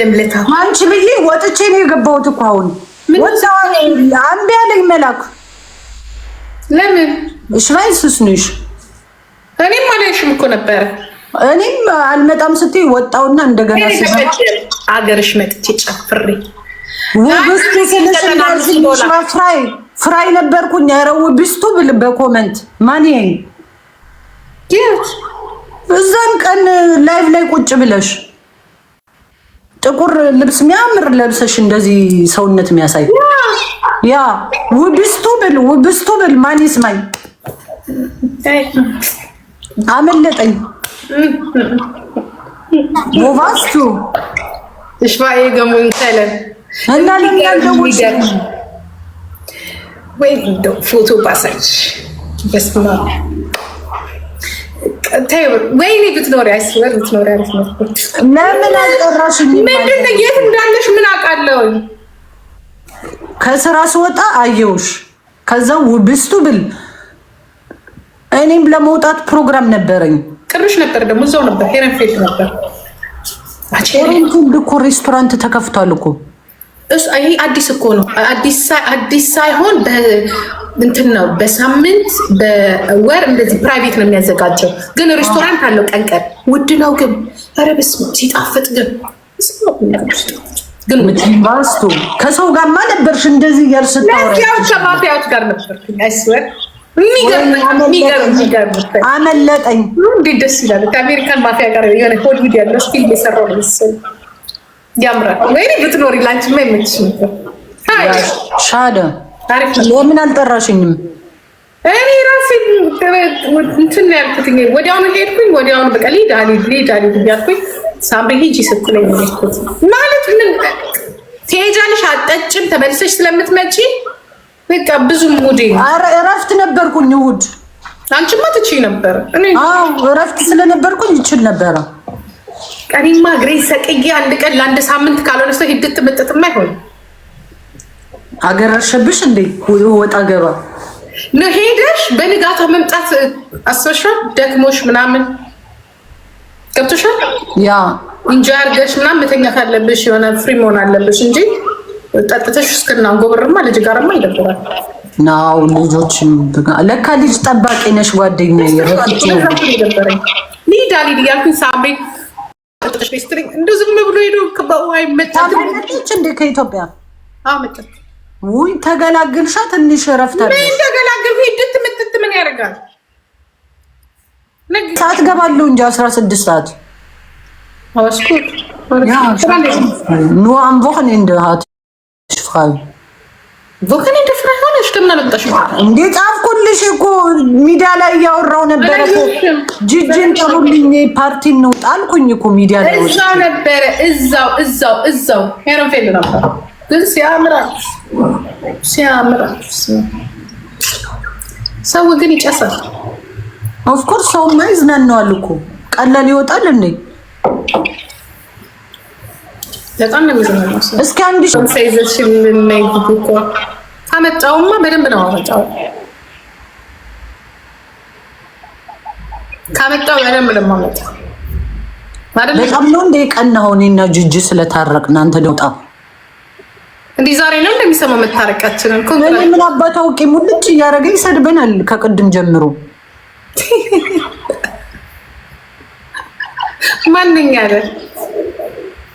ቅድም ልታ አንቺ ብዬ ወጥቼ ነው የገባሁት እኮ አሁን አንድ ያለኝ መላኩ ለምን ሽራይ ሱስ ነሽ? እኔም አላየሽም እኮ ነበረ። እኔም አልመጣም ስትይ ወጣውና እንደገና አገርሽ መጥቼ ጨፍሬ ውብስቲ ስልሽ እንዳልሽ ፍራይ ፍራይ ነበርኩኝ። ኧረ ውብስቱ ብል በኮመንት ማን ይሄ እዛን ቀን ላይቭ ላይ ቁጭ ብለሽ ጥቁር ልብስ የሚያምር ለብሰሽ እንደዚህ ሰውነት የሚያሳይ ያ ውብስቱ ብል ውብስቱ ብል ማን ይስማኝ? አመለጠኝ። ውባስቱ እሽባኤ ገሞንከለን እናለኛደውል ወይ ፎቶ ፓሳጅ በስማ ወይኔ ብትኖሪ አይስበር ብትኖሪ አሪፍ ነው። ለምን አልጠራሽኝ? ምንድን ነው የት እንዳለሽ ምን አውቃለሁ። ከስራ ስወጣ አየሁሽ። ከዛ ብስቱ ብል እኔም ለመውጣት ፕሮግራም ነበረኝ። ቅርሽ ነበር ደግሞ እዛው ነበር ሄረን ፌት ነበር። ሄረንትን እኮ ሬስቶራንት ተከፍቷል እኮ ይሄ አዲስ እኮ ነው። አዲስ ሳይሆን እንትን ነው በሳምንት በወር እንደዚህ ፕራይቬት ነው የሚያዘጋጀው። ግን ሬስቶራንት አለው ቀን ቀን ውድ ነው ግን ኧረ በስመ አብ ሲጣፍጥ ግን ግን ባስቱ ከሰው ጋር ማ ነበርሽ እንደዚህ እያልሽ ስታወራዎች ከማፊያዎች ጋር ነበርኩ። አይስወር የሚገርም አመለጠኝ። እንዴት ደስ ይላል! ከአሜሪካን ማፊያ ጋር የሆነ ሆሊውድ ያለው ፊልም የሰራው ነው መሰለኝ። ያምራል። ወይኔ ብትኖሪ ላንቺማ ይመችሽ ነበር ሻደ ለምን አልጠራሽኝም? እኔ ራሴ እንትን ያልኩት ወዲያውኑ ሄድኩኝ። ወዲያውኑ በቃ ሊድ አሊድ ሊድ አሊድ እያልኩኝ ሳምሪ ሂጂ ስትለኝ ሄድኩት። ማለት ምን ትሄጃለሽ አጠጭም ተመልሰሽ ስለምትመጪ በቃ ብዙ ሙድ እረፍት ነበርኩኝ። እሑድ አንቺማ ትችይ ነበር። እረፍት ስለነበርኩኝ ይችል ነበረ። ቀኔማ እግሬን ሰቅዬ አንድ ቀን ለአንድ ሳምንት ካልሆነ ሰው ሂድት ምጥጥማ አይሆንም አገር አሸብሽ እንዴ ወጣ ገባ ነው ሄደሽ በንጋታ መምጣት አስበሻል። ደክሞሽ ምናምን ገብቶሻል። ያ እንጂ አድርገሽ ምናምን መተኛት አለብሽ፣ የሆነ ፍሪ መሆን አለብሽ እንጂ ጠጥተሽ እስክና ጎበርማ ልጅ ጋርማ ይደብራል። ናው ልጆች ለካ ልጅ ጠባቂ ነሽ ጓደኛዬ። ሊዳ ሊድ ያልኩኝ ሳምሪ ጠጥተሽ ዝም ብሎ ሄዶ ከኢትዮጵያ ውይ ተገላግልሻ፣ ትንሽ እረፍት ምን ተገላገልኩ? ሂድት ምትት ምን ያደርጋል? ሰዓት ገባለሁ እንጂ አስራ ስድስት ሰዓት ኑ አምቦክን እንደሃት ሽፋይ ቦክን እንደፍራ ሆነሽ ከምን አመጣሽ እንዴ? ጻፍኩልሽ እኮ ሚዲያ ላይ እያወራው ነበረ ጅጅን ጥሩልኝ፣ ፓርቲ ነው ጣልኩኝ እኮ ሚዲያ ላይ እዛው ነበረ እዛው እዛው እዛው ሄረንፌል ነበር ግን ሲያምራችሁ ሲያምራችሁ። ሰው ግን ይጨሳል። ኦፍኮርስ ሰውማ ይዝናናዋል እኮ ቀላል ይወጣል እንዴ? በጣም ነው የሚዝናናው። እስኪ አንድ ሳይዘሽ የምናይ እኮ ካመጣውማ በደንብ ነው አመጣው ካመጣው በደንብ ነው ማመጣው። በጣም ነው እንደ ቀናሁን እና ጅጅ ስለታረቅን አንተ ደውጣ እንዲህ ዛሬ ነው እንደሚሰማ መታረቃችንን። እኔ ምን አባታ አውቄ ሙልጭ እያደረገ ይሰድበናል ከቅድም ጀምሮ። ማንኛ አለ?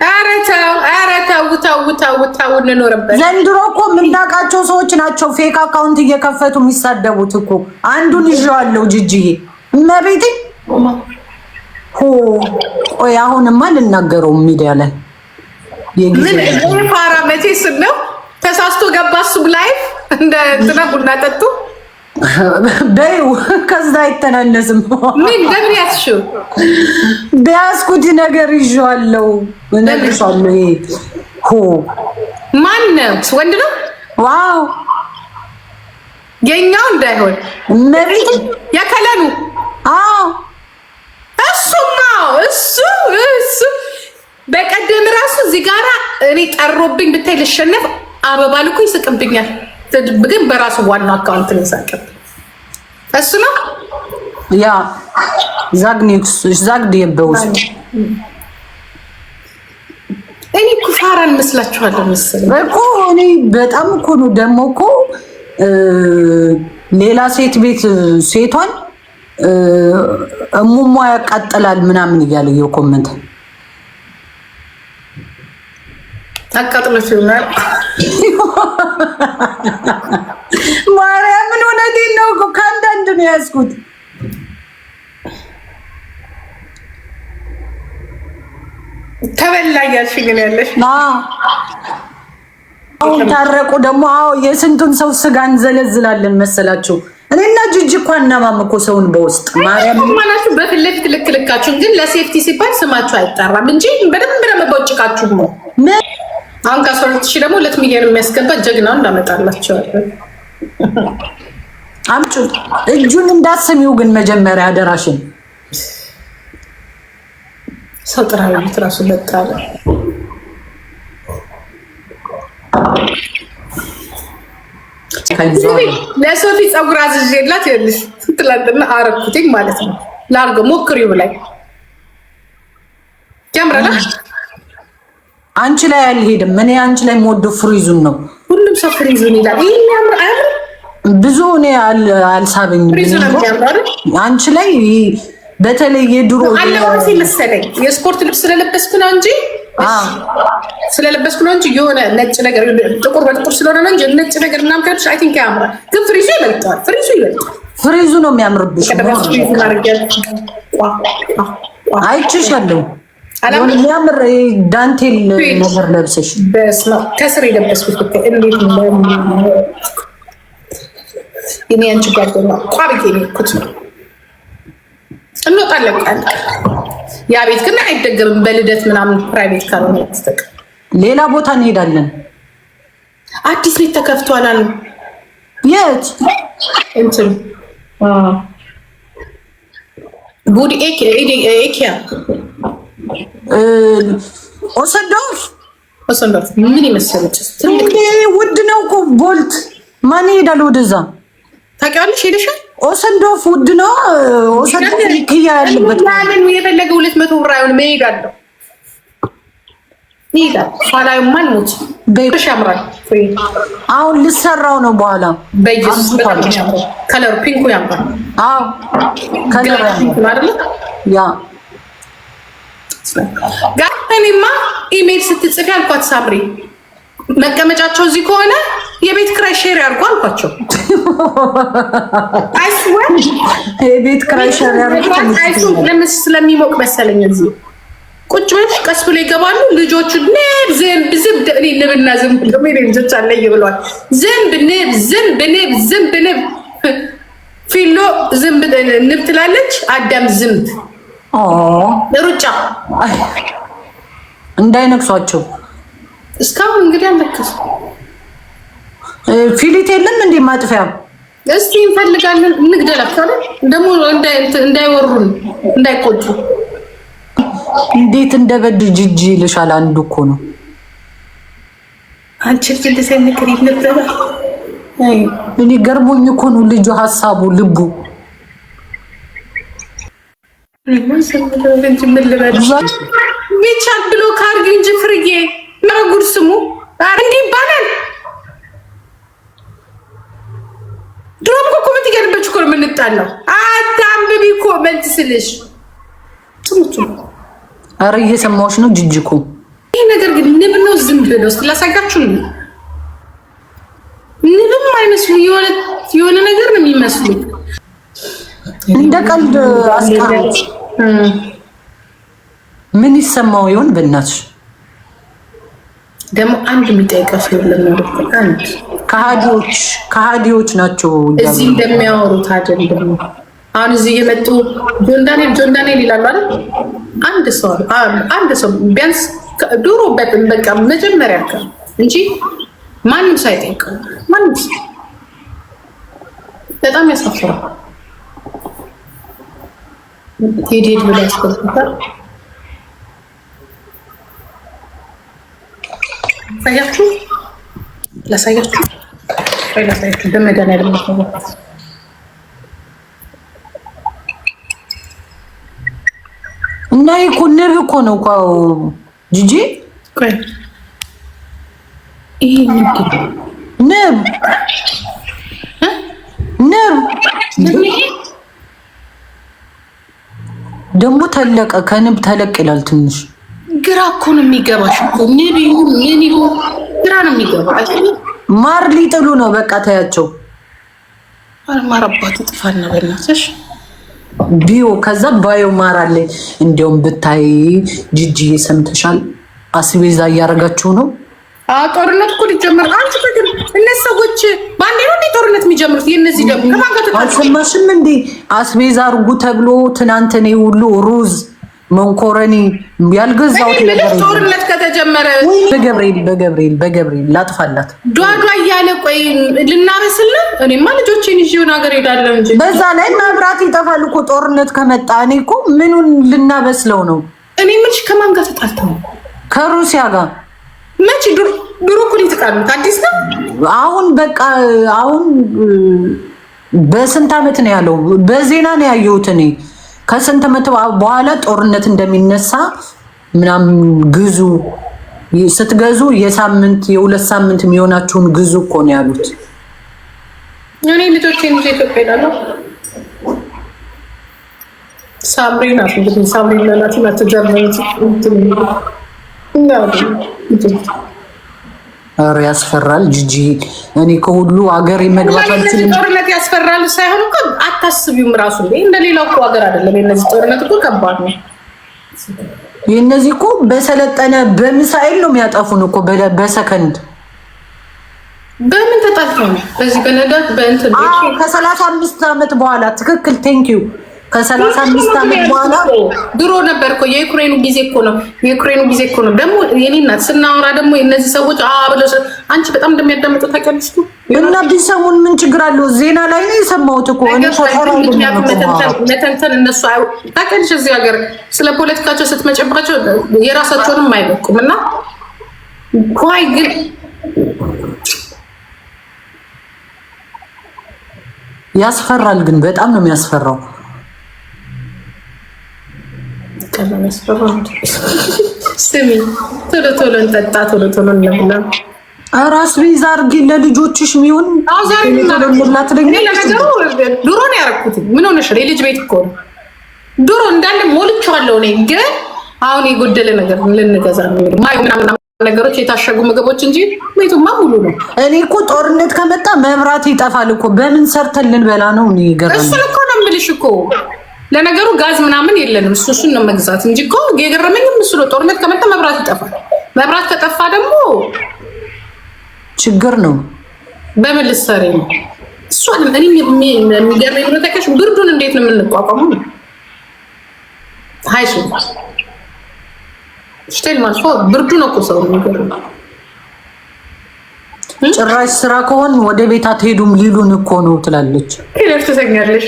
ኧረ ተው፣ ኧረ ተው፣ ተው፣ ተው፣ ተው እንኖርበት። ዘንድሮ እኮ የምናውቃቸው ሰዎች ናቸው ፌክ አካውንት እየከፈቱ የሚሳደቡት እኮ። አንዱን ይዤዋለሁ ጅጅዬ እመቤቴ ሆ ቆይ አሁንማ ልናገረው ሚዲያ ላይ ፋራ መቼ ስም ነው ተሳስቶ ገባ ላይፍ እንደ እንትና ቡና ጠጡ በይው ከዛ አይተናነስም። ምን ደብር ነገር ይዤዋለሁ እነግርሻለሁ። ይሄ ሆ ማን ነው? ወንድ ነው። ዋው የኛው እንዳይሆን መቤት አዎ እሱማ እሱ እሱ በቀደም ራሱ እዚህ ጋር እኔ ጠሮብኝ ብታይ ልሸነፍ አበባ ልኮ ይስቅብኛል። ግን በራሱ ዋና አካውንት ነው እሱ ነው ያ ዛግድ የበውስ እኔ ኩፋራ መስላችኋለሁ መሰለኝ እኮ እኔ በጣም እኮ ነው ደግሞ እኮ ሌላ ሴት ቤት ሴቷን እሙሟ ያቃጥላል ምናምን እያለ የኮመንት አቃጥሎች ይሆናል። ማርያምን እውነቴን ነው እኮ ከአንዳንድ ነው የያዝኩት። ተበላ እያልሽኝ ነው ያለሽ። አሁን ታረቁ ደግሞ። አዎ የስንቱን ሰው ስጋ እንዘለዝላለን መሰላችሁ። እኔና ጅጅ እኮ አናማም እኮ ሰውን በውስጥ ማርያምናችሁ በፊት ለፊት ልክ ልካችሁን፣ ግን ለሴፍቲ ሲባል ስማችሁ አይጠራም እንጂ በደንብ ደመባው ጭቃችሁ ነው አሁን ከአስራ ሁለት ሺህ ደግሞ ሁለት ሚሊዮን የሚያስገባ ጀግና እንዳመጣላቸዋለን። አምጩ እጁን እንዳስሚው ግን መጀመሪያ አደራሽን ሰው ጥራዊት ራሱ ለጣለ ለሶፊ ፀጉር አዝዤላት ይኸውልሽ፣ ትላንትና አረኩትኝ ማለት ነው። ላርገ ሞክሪው ላይ ያምራል። አንቺ ላይ አልሄድም። እኔ አንቺ ላይ ሞዶ ፍሪዙን ነው። ሁሉም ሰው ፍሪዙን ይላል። ብዙ እኔ አልሳበኝም። አንቺ ላይ በተለይ የድሮ አለባበሴ መሰለኝ የስፖርት ልብስ ስለለበስኩ ነው እንጂ ስለለበስኩ ነው እንጂ የሆነ ነጭ ነገር ጥቁር በጥቁር ስለሆነ ነው እንጂ ነጭ ነገር እናም ከብሽ አይ ቲንክ ያምራል፣ ግን ፍሪዙ ይበልጠዋል። ፍሪዙ ይበልጠዋል። ፍሪዙ ነው የሚያምርብሽ። አይችሻለሁ የሚያምር ዳንቴል ነገር ለብሰሽ ከስር የለበስኩት እንዴት የኔ አንቺ ጓደኛ ቋርጌ ኩት ነው። እንወጣለን ቃል ያ ቤት ግን አይደገምም። በልደት ምናምን ፕራይቬት ካልሆነ ያስተቀ ሌላ ቦታ እንሄዳለን። አዲስ ቤት ተከፍቷል አሉ። የት እንትን ጉድ ኤኪያ ኦሰዶፍ ኦሰዶፍ ምን ይመስለች? ውድ ነው እኮ ቦልት። ማን ይሄዳል ወደዛ? ታውቂዋለሽ? ሄደሻል? ኦሰዶፍ ውድ ነው። ኦሰዶፍ ይክያ ያለበት ማንን የፈለገ ሁለት መቶ ብር አይሆንም። እሄዳለሁ አሁን ልሰራው ነው በኋላ በየሱስ በጣም ያምራል። ከለሩ ፒንኩ ያምራል። ያ ጋር እኔማ ኢሜል ስትጽፊ አልኳት ሳምሪ መቀመጫቸው እዚህ ከሆነ የቤት ክራይ ሼር ያርጉ አልኳቸው። የቤት ክራይ ሼር ያርጉ ስለሚሞቅ መሰለኝ እዚህ ቁጭ ብለሽ ቀስ ብሎ ይገባሉ ልጆቹ። ንብ ዝንብ ዝንብ እኔ ንብና ዝንብ ደግሞ ኔ ልጆች አለኝ ብለዋል። ዝንብ ንብ ዝንብ ንብ ዝንብ ንብ ፊሎ ዝንብ ንብ ትላለች አዳም ዝንብ ሩጫ እንዳይነቅሷቸው እስካሁን እንግዲህ አለክስ ፊሊት የለም እንዴ ማጥፊያ እስቲ እንፈልጋለን እንግደላቸው ደግሞ እንዳይወሩን እንዳይቆጡ እንዴት እንደበድ ጅጅ ይልሻል አንዱ እኮ ነው አንቺ ልጅ ገርሞኝ እኮ ነው ልጁ ሀሳቡ ልቡ ሚቻል ብሎ ካርግ እንጂ ፍርዬ መጉድ ስሙ እንዲህ ይባላል። ድሮም እኮ ኮመንት እያነበብሽ እኮ ነው የምንጣለው። አታንብቢ ኮመንት ስልሽ ትሙቱ። ኧረ ነው ጅጅኩ። ይህ ነገር ግን ንብ ነው ዝንብ ነው ስላሳጋችሁ ንብም አይመስሉ የሆነ ነገር ነው የሚመስሉ እንደ ቀልድ አስቀረች። ምን ይሰማው ይሆን? በእናትሽ ደግሞ አንድ የሚጠይቀው ሰው ለሚያወሩት አንድ ከሃዲዎች ከሃዲዎች ናቸው። እዚህ እንደሚያወሩት አይደለም። አሁን እዚህ እየመጡ ጆንዳኔል ጆንዳኔል ይላሉ አይደል? አንድ ሰው አንድ ሰው ቢያንስ ዱሮ በጥን በቃ መጀመሪያ ከ እንጂ ማንም ሰው አይጠይቀው ማንም ሰው በጣም ያሳፍራል። ሄድ ሄድ ብላ ያስገባታል። ላሳያችሁ ላሳያችሁ ላሳያችሁ በመዳን ያለበት ነገር እና እኮ ነርህ እኮ ነው እኮ ጂጂ ይሄ ነርቭ ደግሞ ተለቀ ከንብ ተለቅ ይላል። ትንሽ ግራ እኮ ነው የሚገባሽ እኮ ንብ ይሁን ምን ይሁን ግራ ነው የሚገባ። ማር ሊጥሉ ነው። በቃ ታያቸው። ማር አባት ጥፋና በናትሽ ቢዮ ከዛ ባዮ ማር አለኝ። እንዲያውም ብታይ ጅጅዬ ሰምተሻል? አስቤዛ እያደረጋችሁ ነው ጦርነት እኮ ሊጀመር አንቺ በግን እነዚህ ሰዎች በአንዴ ነው ጦርነት የሚጀምሩት? የእነዚህ ደግሞ አልሰማሽም እንዴ? አስቤዛ አርጉ ተብሎ ትናንት እኔ ሁሉ ሩዝ መንኮረኒ ያልገዛሁት ጦርነት ከተጀመረ በገብርኤል በገብርኤል በገብርኤል ላጥፋላት ዷዷ እያለ ቆይ ልናበስል ነው። እኔማ ልጆቼን ይዤ የሆነ ሀገር ሄዳለሁ እንጂ በዛ ላይ መብራት ይጠፋል እኮ ጦርነት ከመጣ። እኔ እኮ ምኑን ልናበስለው ነው? እኔ ምንሽ ከማን ጋር ተጣልተው ከሩሲያ ጋር ብሮኮሊ አዲስ ነው። አሁን በቃ አሁን በስንት ዓመት ነው ያለው? በዜና ነው ያየሁት እኔ ከስንት ዓመት በኋላ ጦርነት እንደሚነሳ ምናምን ግዙ ስትገዙ የሳምንት የሁለት ሳምንት የሚሆናችሁን ግዙ እኮ ነው ያሉት። እኔ ልጆቼ ልጅ ኢትዮጵያ ሳምሪ ናት እንግዲህ ሳምሪ ኧረ ያስፈራል። ጅጂ እኔ ከሁሉ ሀገር መግባት አልችልም። ጦርነት ያስፈራል ሳይሆን እኮ አታስቢውም። ራሱ እንደሌላው እኮ ሀገር አይደለም። የነዚህ ጦርነት እኮ ከባድ ነው። የእነዚህ እኮ በሰለጠነ በሚሳኤል ነው የሚያጠፉን እኮ በሰከንድ በምን ተጠልፈው ነው በዚህ በነዳት በእንትን ከሰላሳ አምስት ዓመት በኋላ ትክክል ቴንክ ዩ ከሰላሳ አምስት ዓመት በኋላ ድሮ ነበር እኮ የዩክሬኑ ጊዜ እኮ ነው። የዩክሬኑ ጊዜ እኮ ነው። ደግሞ የኔ እናት ስናወራ ደግሞ እነዚህ ሰዎች ብለው አንቺ በጣም እንደሚያዳምጡ ታውቂያለሽ። እና ቢሰሙን ምን ችግር አለው? ዜና ላይ ነው የሰማሁት እኮ መተንተን እነሱ ታውቂያለሽ። እዚህ ሀገር ስለ ፖለቲካቸው የራሳቸውንም አይበቁም እና ግን ያስፈራል። ግን በጣም ነው የሚያስፈራው። ቀመመች። በሆንድ ስሚ፣ ቶሎ ቶሎ እንጠጣ፣ ቶሎ ቶሎ እንብላ። ራስ ቤዛ አድርጊ ለልጆችሽ የሚሆን ድሮ ነው ያደረኩት። ምን ሆነሽ? የልጅ ቤት እኮ ድሮ እንዳለ ሞልቼዋለሁ። እኔ ግን አሁን የጎደለ ነገር ልንገዛ ነው ነገሮች የታሸጉ ምግቦች እንጂ ቤቱማ ሙሉ ነው። እኔ እኮ ጦርነት ከመጣ መብራት ይጠፋል እኮ በምን ሰርተን ልንበላ ነው? እኔ ገረመኝ። እሱን እኮ ነው የምልሽ እኮ ለነገሩ ጋዝ ምናምን የለንም። እሱ እሱን ነው መግዛት እንጂ እኮ የገረመኝ ነው። ጦርነት ከመጣ መብራት ይጠፋል። መብራት ከጠፋ ደግሞ ችግር ነው። በምን ልትሰሪ ነው? አለም እኔ የሚገርመኝ መጠቀሽ ብርዱን እንዴት ነው የምንቋቋመው? ሀይሽ ስቴል ማልፎ ብርዱ ነው እኮ ሰው የሚገርመው። ጭራሽ ስራ ከሆን ወደ ቤት አትሄዱም ሊሉን እኮ ነው ትላለች። ሄደሽ ትሰኛለሽ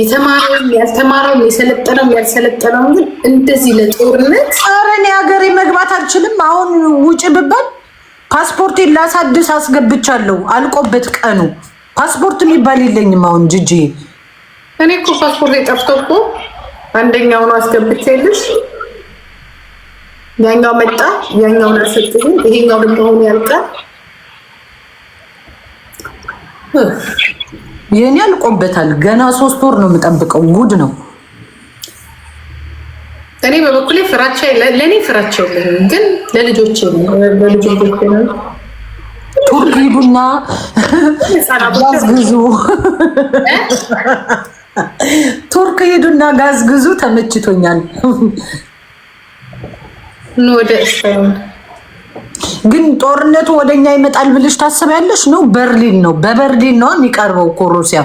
የተማረውም ያልተማረውም የሰለጠነውም ያልሰለጠነውም ግን እንደዚህ ለጦርነት ኧረ እኔ ሀገሬ መግባት አልችልም። አሁን ውጭ ብባል ፓስፖርቴን ላሳድስ አስገብቻለሁ። አልቆበት ቀኑ ፓስፖርት የሚባል የለኝም። አሁን ጅጂ እኔ እኮ ፓስፖርት የጠፍቶ እኮ አንደኛውን አስገብቼልሽ ያኛው መጣ፣ ያኛውን አልሰጥም። ይሄኛው ደግሞ አሁን ያልቃል። የእኔ አልቆበታል። ገና ሶስት ወር ነው የምጠብቀው። ጉድ ነው። እኔ በበኩሌ ፍራቻ ለእኔ ፍራቸው ግን ለልጆች ቱርክ ሂዱና ጋዝ ግዙ፣ ቱርክ ሂዱና ጋዝ ግዙ። ተመችቶኛል። ግን ጦርነቱ ወደኛ ይመጣል ብለሽ ታስቢያለሽ? ነው በርሊን ነው በበርሊን ነው የሚቀርበው እኮ ሩሲያ።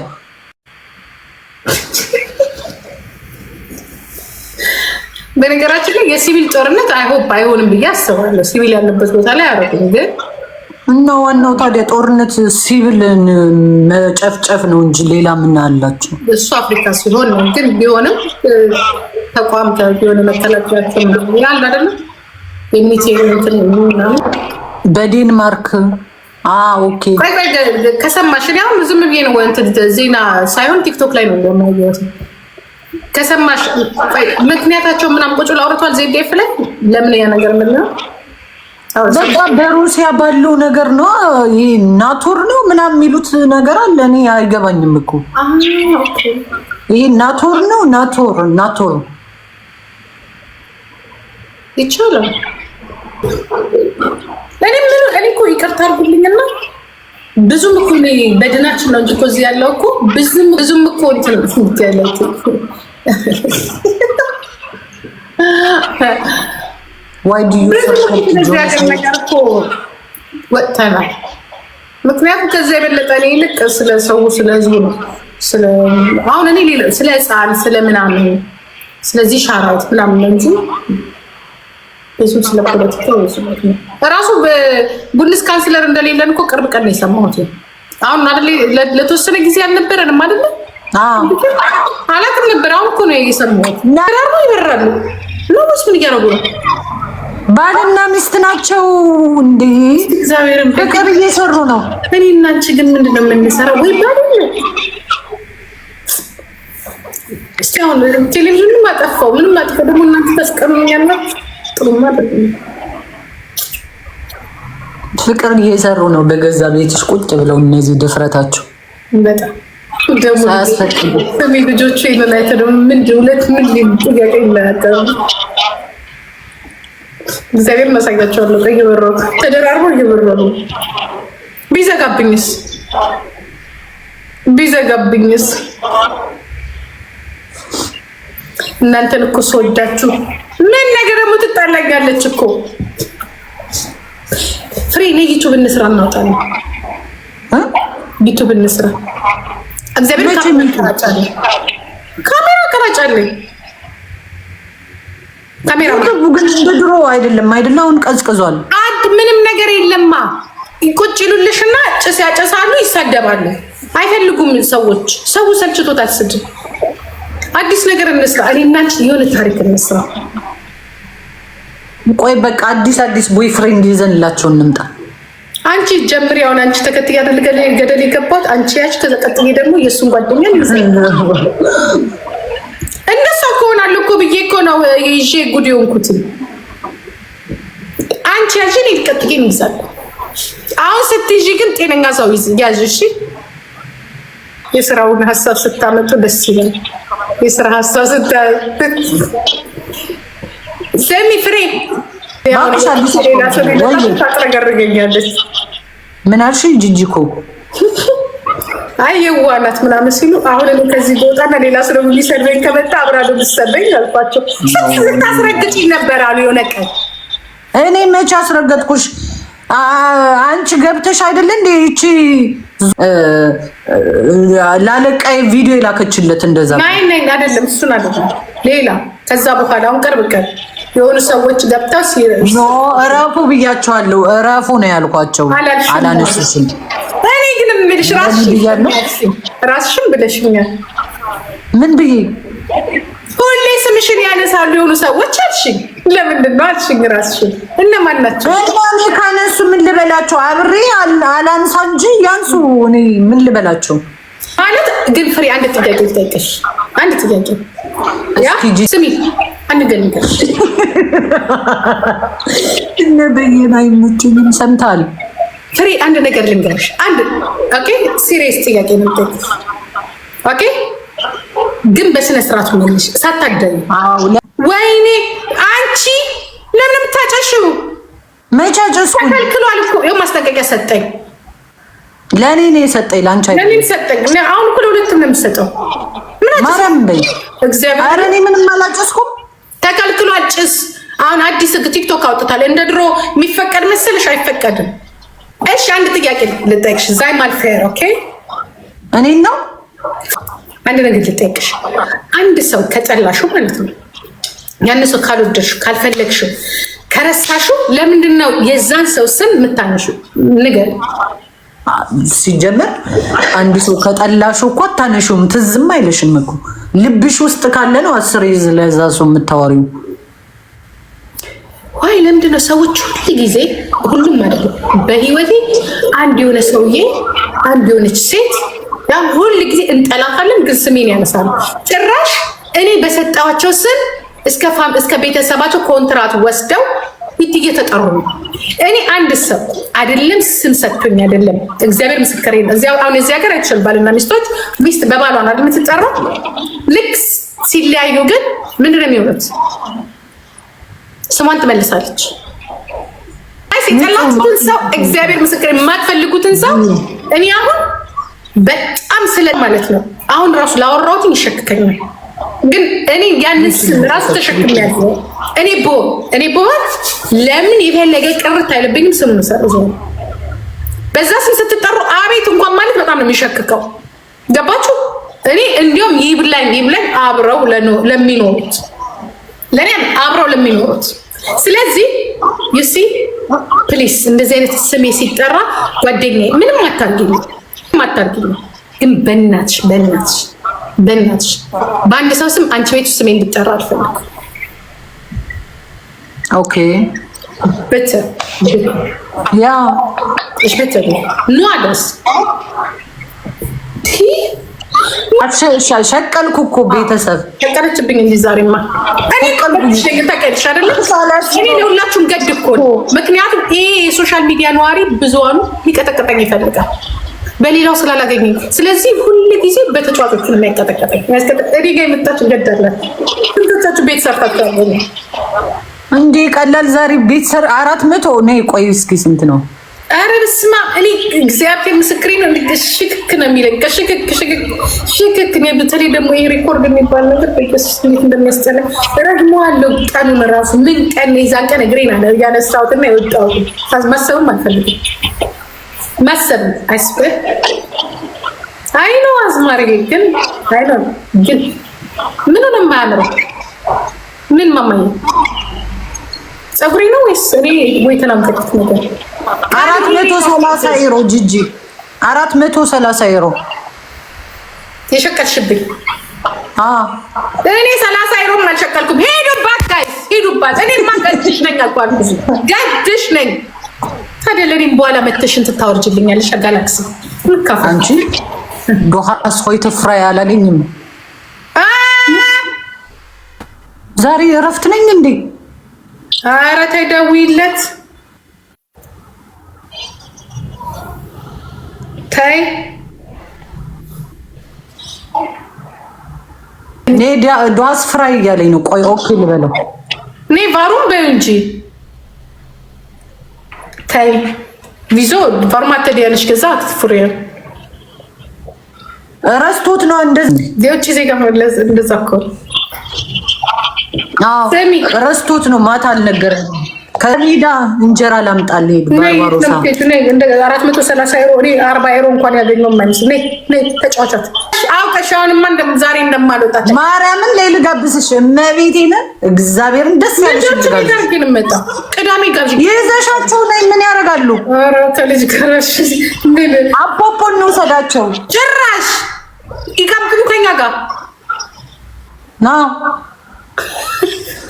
በነገራችን ላይ የሲቪል ጦርነት አይሆን አይሆንም ብዬ አስባለሁ። ሲቪል ያለበት ቦታ ላይ አረግም። ግን እና ዋናው ታዲያ ጦርነት ሲቪልን መጨፍጨፍ ነው እንጂ ሌላ ምን አላቸው? እሱ አፍሪካ ሲሆን ነው። ግን ቢሆንም ተቋም የሆነ መከላከያቸው ያለ አይደለም በዴንማርክ ኦኬ። ከሰማሽ እኔ አሁን ዝም ብዬ ነው ዜና ሳይሆን ቲክቶክ ላይ ነው እንደማየት ከሰማሽ ምክንያታቸው ምናምን ቁጭ ብለው አውርቷል። ዜዴፍ ላይ ለምን ያ ነገር ምን ነው በሩሲያ ባለው ነገር ነው። ይሄ ናቶር ነው ምናምን የሚሉት ነገር አለ። እኔ አይገባኝም እኮ ይህ ናቶር ነው ናቶር ናቶር ይቻላል ብዙም እኮ በድናችን ነው እንጂ እኮ እዚህ ያለው እኮ ብዙም እኮ እንትን ያለው ወጥተናል። ምክንያቱም ከዚያ የበለጠ እኔ ይልቅ ስለ ሰው ስለ ህዝቡ ነው። አሁን እኔ ስለ ህፃን ስለ ምናምን ስለዚህ ሻራውት ምናምን ነው እንጂ ብዙም ስለ ፖለቲካ ነው እራሱ በቡንስ ካንስለር እንደሌለን እኮ ቅርብ ቀን ነው የሰማሁት። አሁን አደለ ለተወሰነ ጊዜ አልነበረንም አደለ አላውቅም ነበር። አሁን እኮ ነው የሰማሁት። ራሩ ይበራሉ ሎስ ምን እያደረጉ ነው? ባልና ሚስት ናቸው እንዴ? እግዚአብሔርን ፍቅር እየሰሩ ነው። እኔ እና ግን ምንድን ነው የምንሰራው? ወይ ባል እስቲ አሁን ቴሌቪዥንም አጠፋው ምንም አጠፋው ደግሞ እናንተ ታስቀሩኛላችሁ። ጥሩማ አይደለም ፍቅርን እየሰሩ ነው። በገዛ ቤትሽ ቁጭ ብለው እነዚህ ድፍረታቸው በጣም ልጆቹ ይበላይተ ደግሞ ሁለት ምን ጥያቄ እግዚአብሔር ተደራርቦ ቢዘጋብኝስ ቢዘጋብኝስ እናንተን እኮ ስወዳችሁ ምን ነገር ደግሞ ትጣላኛለች እኮ ፍሬ እኔ ዩቱብ እንስራ እናውጣለን። ዩቱብ እንስራ። እግዚአብሔር ካሜራ አቀራጫለኝ። ካሜራ ግን እንደ ድሮ አይደለም አይደለ? አሁን ቀዝቅዟል። አንድ ምንም ነገር የለማ። ቁጭ ይሉልሽና ጭስ ያጨሳሉ፣ ይሳደባሉ። አይፈልጉም ሰዎች። ሰው ሰልችቶታል። ስድብ አዲስ ነገር እንስራ። እኔ እናንቺ የሆነ ታሪክ እንስራ። ቆይ በቃ አዲስ አዲስ ቦይፍሬንድ ይዘንላቸው እንምጣ። አንቺ ጀምሪ። አሁን አንቺ ተከትዬ አደል ገደል የገባት አንቺ ያች ተቀጥዬ ደግሞ የእሱን ጓደኛ እንደሷ ከሆናል እኮ ብዬ እኮ ነው ይዤ ጉድ የሆንኩት። አንቺ ያዥ እኔ ልቀጥዬ ይዛል። አሁን ስትይዥ ግን ጤነኛ ሰው ያዥ። እሺ የስራውን ሀሳብ ስታመጡ ደስ ይላል። የስራ ሀሳብ ስታ ሰሚ ፍሬ ታጥረገርገኛለች። ምን አልሽ? ጂጂ እኮ አይ የዋ ምናምን ሲሉ አሁን እኔ ከዚህ ቦታ እና ሌላ ስለ የሚሰድበኝ ከመጣ አብራዶ ብሰደኝ አልኳቸው። ስታስረግጭ ነበር አሉ የሆነ ቀን። እኔ መቼ አስረገጥኩሽ? አንቺ ገብተሽ አይደለ እንደ ይቺ ላለቃይ ቪዲዮ የላከችለት እንደዛ አይደለም። እሱን አለ ሌላ ከዛ በኋላ አሁን ቅርብ ቀን የሆኑ ሰዎች ገብተው ኖ እረፉ ብያቸዋለሁ። እረፉ ነው ያልኳቸው። አላነሱሽም። እኔ ግን የምልሽ ራስሽን ብለሽኛል። ምን ብዬ ሁሌ ስምሽን ያነሳሉ የሆኑ ሰዎች አልሽኝ። ለምንድን ነው አልሽኝ? ራስሽን እነማን ናቸው? ካነሱ ምን ልበላቸው? አብሬ አላንሳ እንጂ ያንሱ። እኔ ምን ልበላቸው? ማለት ግን ፍሬ አንድ ጥያቄ ልጠይቅሽ። አንድ ጥያቄ ያ ስሚ አንገልገልሽ እነ በየና አይመቸኝም። ሰምተሃል ፍሬ? አንድ ነገር ልንገርሽ። አንድ ኦኬ፣ ሲሪየስ ጥያቄ ነው። ኦኬ፣ ግን በስነ ስርዓት መልሽ፣ ሳታገኝ። ወይኔ አንቺ ለምን የምታጨሽው? መጫጨሱ ተከልክሏል እኮ ይኸው ማስጠንቀቂያ ሰጠኝ። ለእኔ ነው የሰጠኝ፣ ለአንቺ ለእኔም ሰጠኝ። አሁን እኮ ለሁለትም ነው የምሰጠው። ምን ማረም በይ እግዚአብሔር። ኧረ እኔ ምንም አላጨስኩም ተከልክሏል። ጭስ አሁን አዲስ ህግ ቲክቶክ አውጥታል። እንደ ድሮ የሚፈቀድ መሰልሽ? አይፈቀድም። እሺ አንድ ጥያቄ ልጠይቅሽ። ዛይ ማልፌር ኦኬ፣ እኔ ነው አንድ ነገር ልጠይቅሽ። አንድ ሰው ከጠላሹ ማለት ነው ያን ሰው ካልወደድሽው፣ ካልፈለግሽው፣ ከረሳሹ ለምንድን ነው የዛን ሰው ስም የምታነሹ? ንገር ሲጀመር አንድ ሰው ከጠላሹ እኮ አታነሹም፣ ትዝም አይለሽም እኮ ልብሽ ውስጥ ካለ ነው አስር ይዝ ለዛ ሰው የምታወሪው። ዋይ ለምንድን ነው ሰዎች ሁሉ ጊዜ ሁሉም ማለት ነው በህይወቴ አንድ የሆነ ሰውዬ አንድ የሆነች ሴት ያም ሁሉ ጊዜ እንጠላፋለን፣ ግን ስሜን ያነሳሉ። ጭራሽ እኔ በሰጣቸው ስም እስከ ቤተሰባቸው ኮንትራት ወስደው እትዬ እየተጠሩ ነው። እኔ አንድ ሰው አይደለም ስም ሰጥቶኝ አይደለም፣ እግዚአብሔር ምስክሬ ነው። እዚያው አሁን እዚህ ሀገር አይቻል ባልና ሚስቶች ሚስት በባሏ ነው አይደል የምትጠራው። ልክ ሲለያዩ ግን ምንድን ነው የሚሆኑት? ስሟን ትመልሳለች። የጠላችሁትን ሰው እግዚአብሔር ምስክሬ፣ የማትፈልጉትን ሰው እኔ አሁን በጣም ስለ ማለት ነው አሁን ራሱ ላወራሁትን ይሸክከኛል ግን እኔ ያንን ስም ራሱ ተሸክም ያዘ እኔ ቦ እኔ ቦት ለምን የፈለገ ቅርት አይለብኝም። ስም ነው በዛ ስም ስትጠሩ አቤት እንኳን ማለት በጣም ነው የሚሸክከው። ገባችሁ? እኔ እንዲሁም ይብላኝ ይብላኝ አብረው ለሚኖሩት ለእኔ አብረው ለሚኖሩት ስለዚህ ዩሲ ፕሊስ እንደዚህ አይነት ስሜ ሲጠራ ጓደኛ ምንም አታርጊ፣ ምንም አታርጊ። ግን በእናትሽ በእናትሽ በእናትሽ በአንድ ሰው ስም አንቺ ቤት ውስጥ ስሜ እንድጠራ ኦኬ ብት ያ እሽ ብት ኑ አለስ ሸቀልኩ እኮ ቤተሰብ ሸቀለችብኝ። እንዲህ ዛሬማ እኔ ለሁላችሁም ገድ እኮ። ምክንያቱም ይሄ የሶሻል ሚዲያ ነዋሪ ብዙኑ ሊቀጠቅጠኝ ይፈልጋል። በሌላው ስላላገኘኝ። ስለዚህ ሁል ጊዜ በተጫዋቾቹ የሚያቀጠቀጠኝ እኔ ጋ የመጣች ገዳላት ስንቶቻችሁ ቤት ሰርታችሁ እንዴ? ቀላል ዛሬ ቤት ሰር አራት መቶ ነ ቆይ እስኪ ስንት ነው? አረ በስመ እኔ እግዚአብሔር ምስክሬ ነው። ሽክክ ነው የሚለኝ ከሽክክ ሽክክ ሽክክ። በተለይ ደግሞ ይሄ ሪኮርድ የሚባል ነገር በኢየሱስ ስሜት እንደሚያስጠላ ረግመዋለሁ። ቀኑን ራሱ ምን ቀን የዛን ቀን እግሬን ያነሳሁትና የወጣሁት ማሰብም አልፈልግም። መሰል አይስበ አይ ነው አዝማሪ ግን አይ ግን ምኑን የማያምረው ምን ማማኝ ጸጉሬ ነው ወይስ እኔ ወይ ተናገርኩት ነገር አራት መቶ ሰላሳ ዩሮ ጂጂ አራት መቶ ሰላሳ ዩሮ የሸቀልሽብኝ እኔ ሰላሳ ዩሮ አልሸቀልኩም ሄዱባት ጋይስ ሄዱባት እኔ ገድሽ ነኝ አልኳል ገድሽ ነኝ ታዲያ ለእኔም በኋላ መተሽን ትታወርጅልኛለሽ። አጋላክስ አንቺ ዶሃ አስሆይ ትፍራ ያላለኝም ዛሬ እረፍት ነኝ እንዴ? ኧረ ተይ ደውይለት፣ ተይ ኔ ዶሃ አስፍራ እያለኝ ነው። ቆይ ኦኬ ልበለው። ኔ ቫሩን በይው እንጂ ታይ ቪዞ ፎርማት ተዲያለሽ ገዛ አትፍሪ ረስቶት ነው እንደዚህ የውጭ ዜጋ መግለጽ እንደዛ እኮ አዎ ረስቶት ነው ማታ አልነገረኝም ከሜዳ እንጀራ ላምጣልህ ሄዱ ባርባሮሳ አራት መቶ ሰላሳ ሮ አርባ ሮ እንኳን ያገኘው የማይመስል ተጫዋቻት አውቀሽ አሁንማ ዛሬ እንደማልወጣ ማርያምን ላይ ልጋብዝሽ እመቤቴን እግዚአብሔርን ደስ ያለሽ ላይ ምን ያደርጋሉ? አፖፖ እንውሰዳቸው ጭራሽ ይጋብዙ ከኛ ጋር ና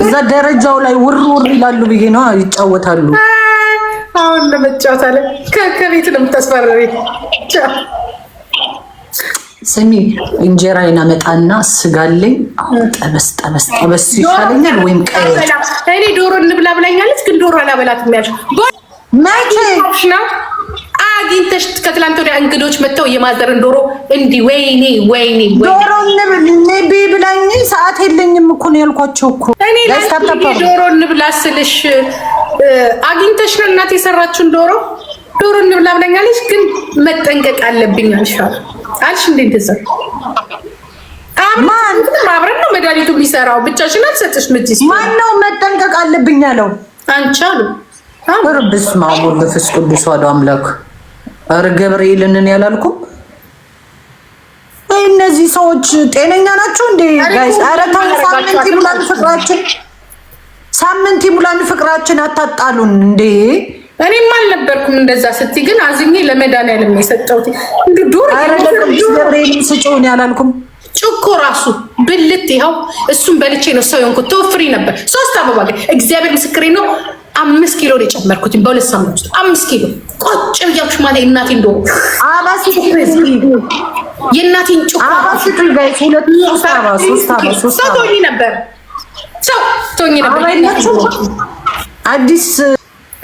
እዛ ደረጃው ላይ ውር ውር ይላሉ ብዬ ነው ይጫወታሉ። አሁን ለመጫወት አለ ከቤት ነው የምታስፈራሪ ስሚ እንጀራዬን አመጣና ስጋለኝ ጠበስ ጠበስ ጠበስ ይሻለኛል፣ ወይም ቀይ እኔ ዶሮ እንብላ ብላኛለች፣ ግን ዶሮ አላበላት የሚያልሽ መቼ ነው? አግኝተሽ ከትላንት ወዲያ እንግዶች መጥተው የማዘርን ዶሮ እንዲህ ወይኔ ወይኔ ዶሮ ንብ ብላኝ ሰዓት የለኝም እኮ ነው ያልኳቸው እኮ እኔ ዶሮ እንብላ ስልሽ አግኝተሽ ነው እናት የሰራችውን ዶሮ ዶሮ እንብላ ብላኛለች፣ ግን መጠንቀቅ አለብኝ አልሻለሁ አልሽ እንዴ? እንደዛ አብረን ነው መድኃኒቱ ሊሰራው ብቻሽን አልሰጥሽ ልጅ ማን ነው መጠንቀቅ አለብኝ ያለው? አንቺ አሉ በስመ አብ ወወልድ ወመንፈስ ቅዱስ አሐዱ አምላክ። ኧረ ገብርኤልን ያላልኩም። እነዚህ ሰዎች ጤነኛ ናቸው እንዴ? ጋይስ ኧረ ተው፣ ሳምንት ይሙላን ፍቅራችን፣ ሳምንት ይሙላን ፍቅራችን። አታጣሉን እንዴ? እኔም አልነበርኩም እንደዛ ስትይ፣ ግን አዝኜ ለመድኃኒዓለም የሰጠሁት ዱር ስጭውን ያላልኩም ጭኮ ራሱ ብልት ይኸው እሱን በልቼ ነው ሰው የሆንኩት። ተወፍሪ ነበር ሶስት አበባ ግን እግዚአብሔር ምስክሬ ነው አምስት ኪሎ ነው የጨመርኩት በሁለት ሳምንት ውስጥ አምስት ኪሎ ቆጭ ብያችሁ ማለት የእናቴ እንደሆ የእናቴን ጭኮ ሰው ቶኝ ነበር አዲስ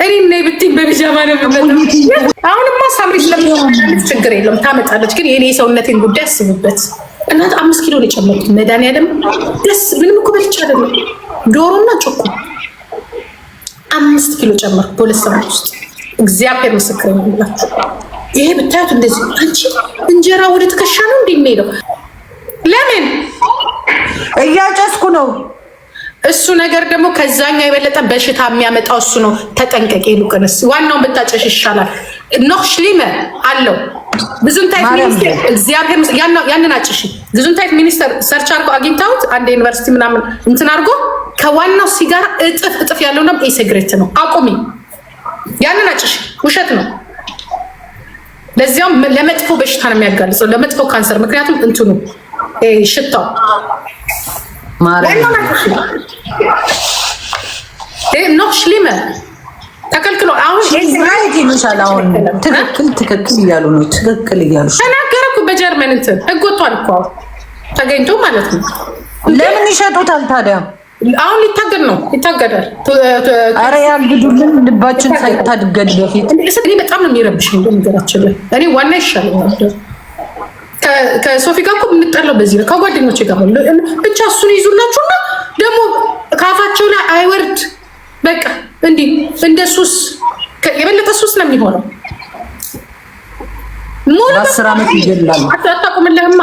እኔ ነይ ብትይ በቢጃማ ነው የምመጣው። አሁንማ ሳምሪ ስለምትሆናለች ችግር የለም ታመጣለች። ግን የእኔ የሰውነቴን ጉዳይ አስቡበት እናት። አምስት ኪሎ ነው የጨመርኩት መድኃኒዓለም ደስ ምንም እኮ በልቼ አይደለም ዶሮና ጮኩ አምስት ኪሎ ጨመርኩ በሁለት ሰዓት ውስጥ። እግዚአብሔር ምስክር ይላችሁ። ይሄ ብታዩት እንደዚህ አንቺ እንጀራ ወደ ትከሻ ነው እንዲህ ለምን እያጨስኩ ነው እሱ ነገር ደግሞ ከዛኛው የበለጠ በሽታ የሚያመጣው እሱ ነው። ተጠንቀቂ። ሉቅንስ ዋናውን ብታጨሽ ይሻላል። ኖክሽሊመ ሊመ አለው ብዙንታይት ሚኒስቴር እግዚአብሔር ያንን አጭሽ ብዙንታይት ሚኒስቴር ሰርች አድርጎ አግኝታውት አንድ ዩኒቨርሲቲ ምናምን እንትን አድርጎ ከዋናው ሲጋር እጥፍ እጥፍ ያለው ያለውና ኢሲጋሬት ነው። አቁሚ፣ ያንን አጭሽ። ውሸት ነው። ለዚያውም ለመጥፎ በሽታ ነው የሚያጋልጸው፣ ለመጥፎ ካንሰር። ምክንያቱም እንትኑ ሽታው ነው ሊመ ተከልክሎ አሁን ይሻል። ትክክል ትክክል እያሉ ነው። ትክክል እያሉ ተናገረ እኮ በጀርመን እንትን ህግ ወጥቷል እኮ ተገኝቶ ማለት ነው። ለምን ይሸጡታል ታዲያ? አሁን ሊታገድ ነው ይታገዳል። አረ ያግዱልን፣ ልባችን ሳይታገድ በፊት። እኔ በጣም ነው የሚረብሽ ነገራችን እኔ ዋና ይሻለኛል ከሶፊ ጋር እኮ የምጠላው በዚህ ነው። ከጓደኞች ጋር ብቻ እሱን ይዙላችሁና ደግሞ ካፋቸው ላይ አይወርድ። በቃ እንዲህ እንደ ሱስ የበለጠ ሱስ ነው የሚሆነው። ሙሉአስር ዓመት ይገላል። አታቁምልህማ።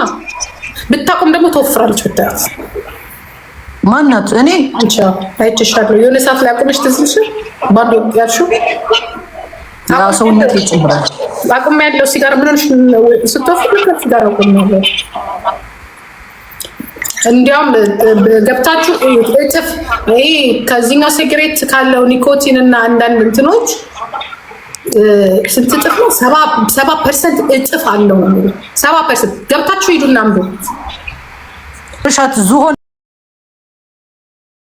ብታቁም ደግሞ ትወፍራለች ብታ ማናት እኔ አይቻለሁ። የሆነ ሰዓት ላይ አቁመሽ ትዝልሽ ባዶ ያልሽው ሰውነት ይጨምራል። አቁም ያለው ሲጋር ብሎን ስትወፍድ ሲጋር አቁም ያለው እንዲያውም ገብታችሁ እጥፍ ይሄ ከዚህኛው ሲጋሬት ካለው ኒኮቲን እና አንዳንድ እንትኖች ስንት እጥፍ ነው? ሰባ ፐርሰንት እጥፍ አለው። ሰባ ፐርሰንት ገብታችሁ ሂዱና ምዱ ዝሆን